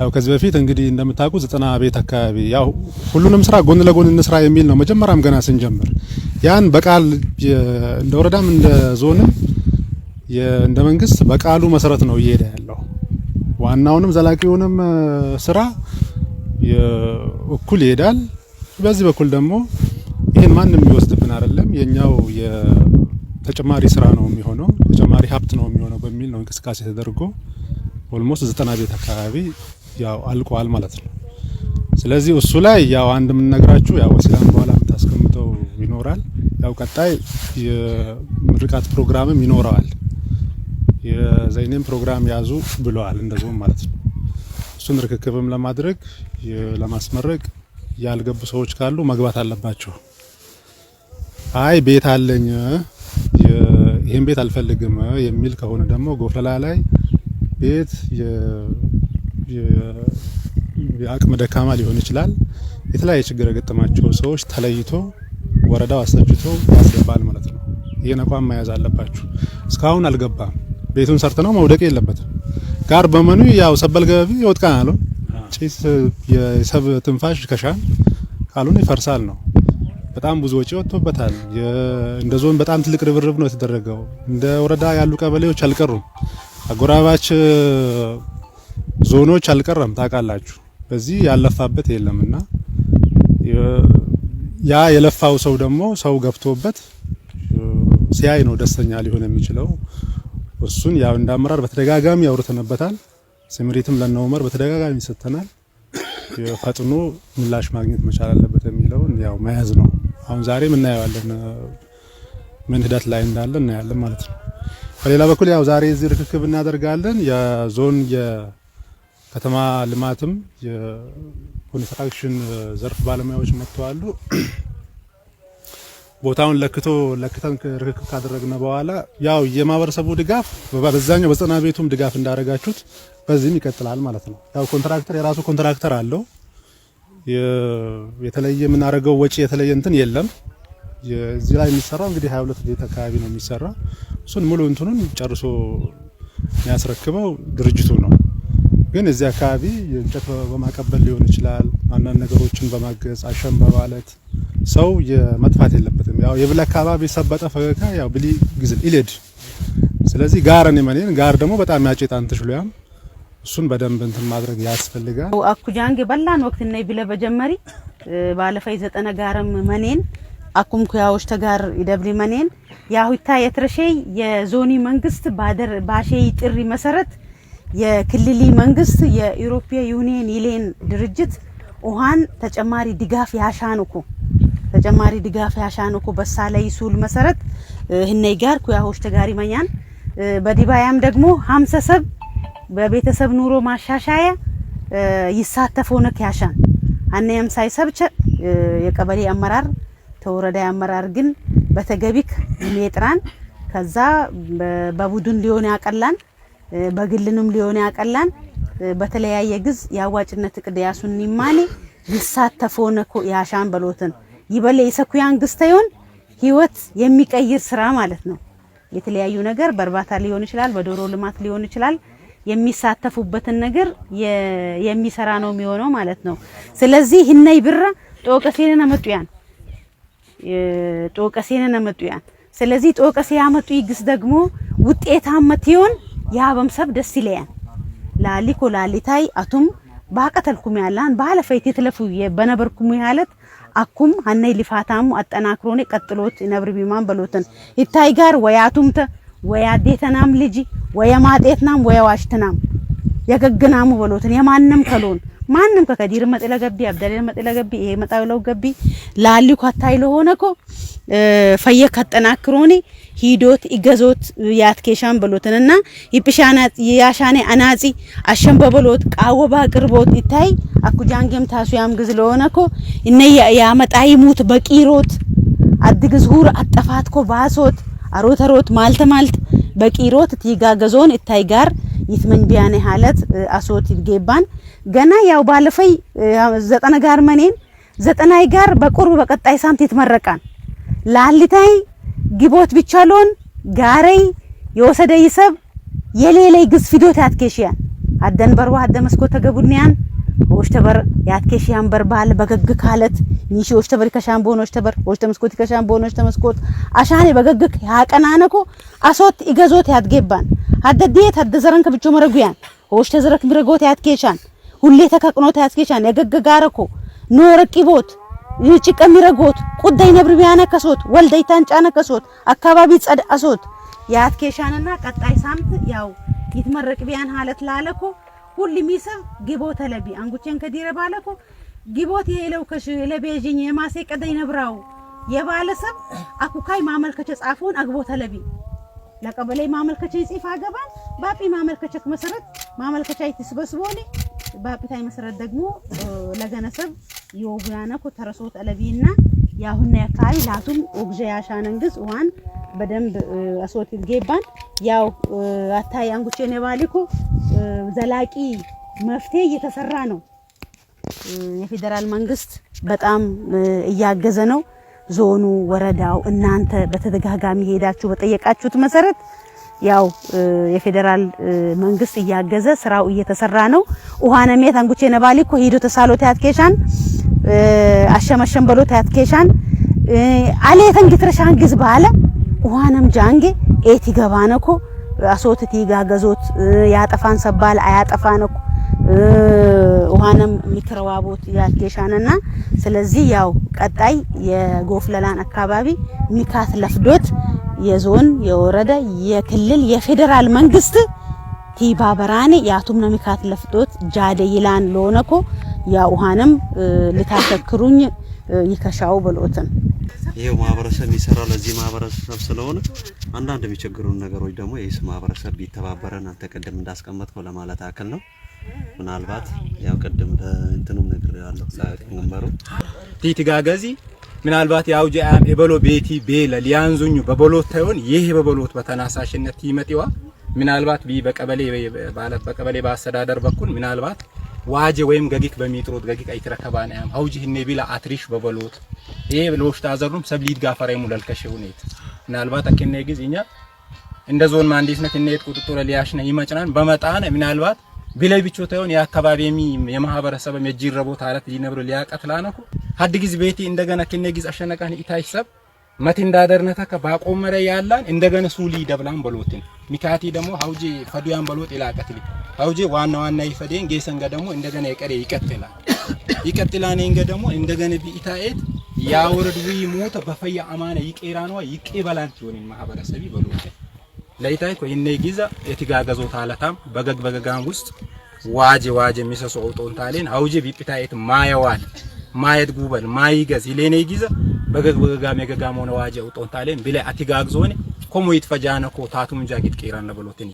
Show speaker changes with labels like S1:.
S1: ያው ከዚህ በፊት እንግዲህ እንደምታውቁ ዘጠና ቤት አካባቢ ያው ሁሉንም ስራ ጎን ለጎን እንስራ የሚል ነው መጀመሪያም ገና ስንጀምር ያን በቃል እንደ ወረዳም እንደ ዞንም እንደ መንግስት በቃሉ መሰረት ነው እየሄደ ያለው። ዋናውንም ዘላቂውንም ስራ እኩል ይሄዳል። በዚህ በኩል ደግሞ ይህን ማንም የሚወስድብን አይደለም፣ የኛው የተጨማሪ ስራ ነው የሚሆነው፣ ተጨማሪ ሀብት ነው የሚሆነው በሚል ነው እንቅስቃሴ ተደርጎ ኦልሞስት ዘጠና ቤት አካባቢ ያው አልቋል ማለት ነው። ስለዚህ እሱ ላይ ያው አንድ የምንነግራችሁ ያው ወሲላም በኋላ የምታስቀምጠው ይኖራል። ያው ቀጣይ የምርቃት ፕሮግራምም ይኖረዋል። የዘይኔም ፕሮግራም ያዙ ብለዋል እንደዚሁም ማለት ነው። እሱን ርክክብም ለማድረግ ለማስመረቅ ያልገቡ ሰዎች ካሉ መግባት አለባቸው። አይ ቤት አለኝ ይህን ቤት አልፈልግም የሚል ከሆነ ደግሞ ጎፈላ ላይ ቤት የአቅመ ደካማ ሊሆን ይችላል፣ የተለያየ ችግር የገጠማቸው ሰዎች ተለይቶ ወረዳው አስረጅቶ ያስገባል ማለት ነው። ይህን አቋም መያዝ አለባችሁ። እስካሁን አልገባም። ቤቱን ሰርተ ነው መውደቅ የለበትም። ጋር በመኑ ያው ሰበል ገቢ ይወጥቃን አለ ጭስ የሰብ ትንፋሽ ከሻን ካሉን ይፈርሳል ነው። በጣም ብዙ ወጪ ወጥቶበታል። እንደ ዞን በጣም ትልቅ ርብርብ ነው የተደረገው። እንደ ወረዳ ያሉ ቀበሌዎች አልቀሩም። አጎራባች ዞኖች አልቀረም ታውቃላችሁ። በዚህ ያለፋበት የለምና ያ የለፋው ሰው ደግሞ ሰው ገብቶበት ሲያይ ነው ደስተኛ ሊሆን የሚችለው። እሱን ያው እንደ አመራር በተደጋጋሚ ያውርተንበታል። ስምሪትም ለነ ኡመር በተደጋጋሚ ሰጥተናል። ፈጥኖ ምላሽ ማግኘት መቻል አለበት የሚለውን ያው መያዝ ነው። አሁን ዛሬ እናየዋለን ምን ሂደት ላይ እንዳለ እናያለን ማለት ነው። በሌላ በኩል ያው ዛሬ እዚህ ርክክብ እናደርጋለን የዞን ከተማ ልማትም የኮንስትራክሽን ዘርፍ ባለሙያዎች መጥተዋሉ። ቦታውን ለክቶ ለክተን ርክክብ ካደረግነ በኋላ ያው የማህበረሰቡ ድጋፍ በዛኛው በጽና ቤቱም ድጋፍ እንዳደረጋችሁት በዚህም ይቀጥላል ማለት ነው። ያው ኮንትራክተር የራሱ ኮንትራክተር አለው። የተለየ የምናደርገው ወጪ የተለየ እንትን የለም። እዚህ ላይ የሚሰራው እንግዲህ 22 ቤት አካባቢ ነው የሚሰራ። እሱን ሙሉ እንትኑን ጨርሶ የሚያስረክበው ድርጅቱ ነው። ግን እዚህ አካባቢ የእንጨት በማቀበል ሊሆን ይችላል፣ አንዳንድ ነገሮችን በማገዝ አሸን በማለት ሰው መጥፋት የለበትም። ያው የብል አካባቢ ሰበጠ ፈገካ ያው ብሊ ግዝል ኢሌድ ስለዚህ ጋር ነው ማለት ጋር ደግሞ በጣም ያጨጣን ትሽሉያም እሱን በደንብ እንትን ማድረግ ያስፈልጋል።
S2: አኩጃንግ በላን ወቅት ነይ ብለ በጀመሪ ባለፈይ ዘጠነ ጋርም መኔን አኩም ኩያዎች ተጋር ይደብሪ መኔን ያሁታ የትረሼ የዞኒ መንግስት ባደር ባሼ ጥሪ መሰረት የክልሊ መንግስት የኢሮፒያ ዩኒየን ይሌን ድርጅት ውሃን ተጨማሪ ድጋፍ ያሻንኩ ተጨማሪ ድጋፍ ያሻንኩ በሳ ላይ ሱል መሰረት ህነይ ጋር ኩያሆች ተጋሪ መኛን በዲባያም ደግሞ ሀምሰ ሰብ በቤተሰብ ኑሮ ማሻሻያ ይሳተፈው ነክ ያሻን አነየም ሳይሰብቸ የቀበሌ አመራር ተወረዳ አመራር ግን በተገቢክ ሜጥራን ከዛ በቡድን ሊሆን ያቀላን በግልንም ሊሆን ያቀላን በተለያየ ግዝ የአዋጭነት እቅድ ያሱን ይሳተፎ ነኮ ያሻን በሎትን ይበለ የሰኩያን ግስተ ግስተዩን ህይወት የሚቀይር ስራ ማለት ነው። የተለያዩ ነገር በእርባታ ሊሆን ይችላል፣ በዶሮ ልማት ሊሆን ይችላል። የሚሳተፉበትን ነገር የሚሰራ ነው የሚሆነው ማለት ነው። ስለዚህ ህነይ ብራ ጦቀሴነን አመጡያን ጦቀሴነን አመጡያን ስለዚህ ጦቀሴ ያመጡ ይግስ ደግሞ ውጤታ ውጤታማ ይሆን ያበምሰብ ደስ ይለያን ላሊኮ ላሊታይ አቱም ባቀተልኩም ያላን ባለ ፈይቲ ትለፉ በነበርኩም ያለት አኩም ሀነይ ሊፋታሙ አጠናክሮኔ ቀጥሎት ነብር ቢማን በሎትን ይታይ ጋር ወያቱምተ ወያዴተናም ልጅ ወየማጤትናም ወየዋሽትናም የገግናሙ በሎትን የማንም ከሎን ማንም ከከዲር መጤለ ገቢ አብደለ መጤለ ገቢ ይሄ መጣውለው ገቢ ላሊ ኳታይ ለሆነ ኮ ፈየ ከጠናክሮኒ ሂዶት ይገዞት ያትኬሻን በሎትንና ይጵሻናት ያሻኔ አናጺ አሸን በበሎት ቃወ ባቅርቦት ይታይ አኩ ጃንጌም ታሱ ያም ግዝ ለሆነ ኮ እነ መጣይ ሙት በቂሮት አድግዝ ሁር አጠፋት ኮ ባሶት አሮተሮት ማልተ ማልት በቂሮት ቲጋገዞን ይታይ ጋር ይትመኝ ቢያኔ ሀለት አሶት ይገባን ገና ያው ባለፈይ ዘጠነ ጋር መኔን ዘጠናይ ጋር በቁርብ በቀጣይ ሳምት ይትመረቃን ላልታይ ግቦት ብቻሎን ጋረይ የወሰደ ይሰብ የሌለይ ግስ ፊዶት ያትኬሽያን አደን በርዋ አደ መስኮ ተገቡኒያን ሆሽ ተበር ያትከሽያን በርባል በገግ ካለት ኒሽ ሆሽ ተበር ከሻም ቦኖሽ ተበር ሆሽ ተመስኮት ከሻም ቦኖሽ ተመስኮት አሻኔ በገግክ ያቀናነኮ አሶት ይገዞት ያትገባን አደዴት አደዘረን ከብቾ መረጉያን ሆሽ ተዘረክ ምረጎት ያትኬሻን ሁሌ ተከቅኖት ያትኬሻን የገገጋረኮ ኖረቂቦት ጭቀ ሚረጎት ቁዳይ ነብር ወልደይታን ወልደይ ከሶት አካባቢ አሶት ያትኬሻንና ቀጣይ ሳምት ያው ይትመረቅ ቢያን ሀለት ላለኮ ሁል ሚሰብ ግቦ ተለቢ አንጉቼን ከዲረ ባለኮ ግቦት የለው ከሽ ለቤጂኝ የማሴ ቀዳይ ነብራው የባለሰብ አኩካይ ማመልከቸ ጻፉን አግቦ ተለቢ ለቀበሌ ማመልከቻ ይጽፋ አገባን ባጲ ማመልከቻክ መሰረት ማመልከቻ ይትስበስቦኒ ባጲታይ መሰረት ደግሞ ለገነሰብ የወጉያነኮ ተረሶት አለቢና ያሁን ያካይ ላቱም ኦግዣ ያሻነንግስ ዋን በደንብ አሶት ይገባን ያው አታይ አንጉቼ ነባሊኩ ዘላቂ መፍትሄ እየተሰራ ነው። የፌዴራል መንግስት በጣም እያገዘ ነው። ዞኑ፣ ወረዳው እናንተ በተደጋጋሚ ሄዳችሁ በጠየቃችሁት መሰረት ያው የፌዴራል መንግስት እያገዘ ስራው እየተሰራ ነው። ኡሃነሜ አንጉቼ ነባሊ ኮ ሂዶ ተሳሎ ታትኬሻን አሸመሸን በሎ ታትኬሻን አለ ተንግትረሻን ግዝ ባለ ኡሃነም ጃንጌ ኤቲ ገባነኮ አሶት ቲጋ ገዞት ያጠፋን ሰባል አያጠፋነኮ ውሃንም የሚትረዋቦት ያልቴሻንና ስለዚህ ያው ቀጣይ የጎፍለላን አካባቢ ሚካት ለፍዶት የዞን የወረደ የክልል የፌዴራል መንግስት ቲባ በራኔ የአቱምነ ሚካት ለፍዶት ጃደ ይላን ለሆነኮ ያ ውሃንም ልታተክሩኝ ይከሻው ብሎትን
S3: ይሄው ማህበረሰብ የሚሰራው ለዚህ ማህበረሰብ ስለሆነ አንዳንድ የሚቸግሩን ነገሮች ደግሞ ይህ ማህበረሰብ ቢተባበረን አንተ ቅድም እንዳስቀመጥከው ለማለት አክል ነው። ምናልባት ያው ቅድም ለእንትኑም ነገር ያለው ለቅንበሩ
S4: ቲትጋገዚ ምናልባት ያው ጃም የበሎ ቤቲ ቤለ ሊያንዙኙ በበሎት ታይሆን ይህ በበሎት በተናሳሽነት ይመጥዋ ምናልባት በቀበሌ በአስተዳደር በኩል ምናልባት ዋጀ ወይም ገጊክ በሚጥሮት ገጊክ አይትረከባን ያም አውጂ ህኔ ቢላ አትሪሽ በበሎት ይሄ ብሎሽ ታዘሩም ሰብሊት ጋፈራ ይሙል አልከሽ ሁኔት ምናልባት አከነ ጊዜኛ እንደ ዞን ማንዲስ ነክ እነየት ቁጥጥር ሊያሽ ነው ይመጭናን በመጣን ምናልባት ቢላይ ብቾ ተውን የአካባቢ የሚ የማህበረሰብ የጅረቦት አለት ሊነብሩ ሊያቀትላነኩ ሀድ ጊዜ ቤቲ እንደገና ከነ ጊዜ አሸነቃን ኢታይሰብ መት እንዳደርነታ ከባቆመረ ያላን እንደገና ሱሊ ደብላን በሎትን ሚካቲ ደግሞ ሀውጂ ፈዱያን በሎት ይላቀትልኝ አውጂ ዋና ዋና ይፈደን ጌሰን ገ ደግሞ እንደገና የቀሬ ይቀጥላል ይቀጥላን እንገ ደግሞ እንደገና ቢኢታኤት ያውርድ ዊ ሞተ በፈያ አማነ ነው ይቀበላን ይሆንን ማህበረሰብ ይበሉት ለይታይ ኮይ ነይ ጊዛ የትጋገዞ ታለታም በገግ በገጋን ውስጥ ዋጄ ዋጄ የሚሰሶ ኦጦን ታሌን አውጂ ቢኢታኤት ማየዋል ማየት ጉበል ማይገዝ ይሌኔ ጊዛ በገግ በገጋም የገጋም ሆነ ዋጄ ኦጦን ታሌን ቢለ አትጋግዞኔ ኮሙ ይትፈጃነ ኮ ታቱም ጃጊት ቀራነ ብሎትን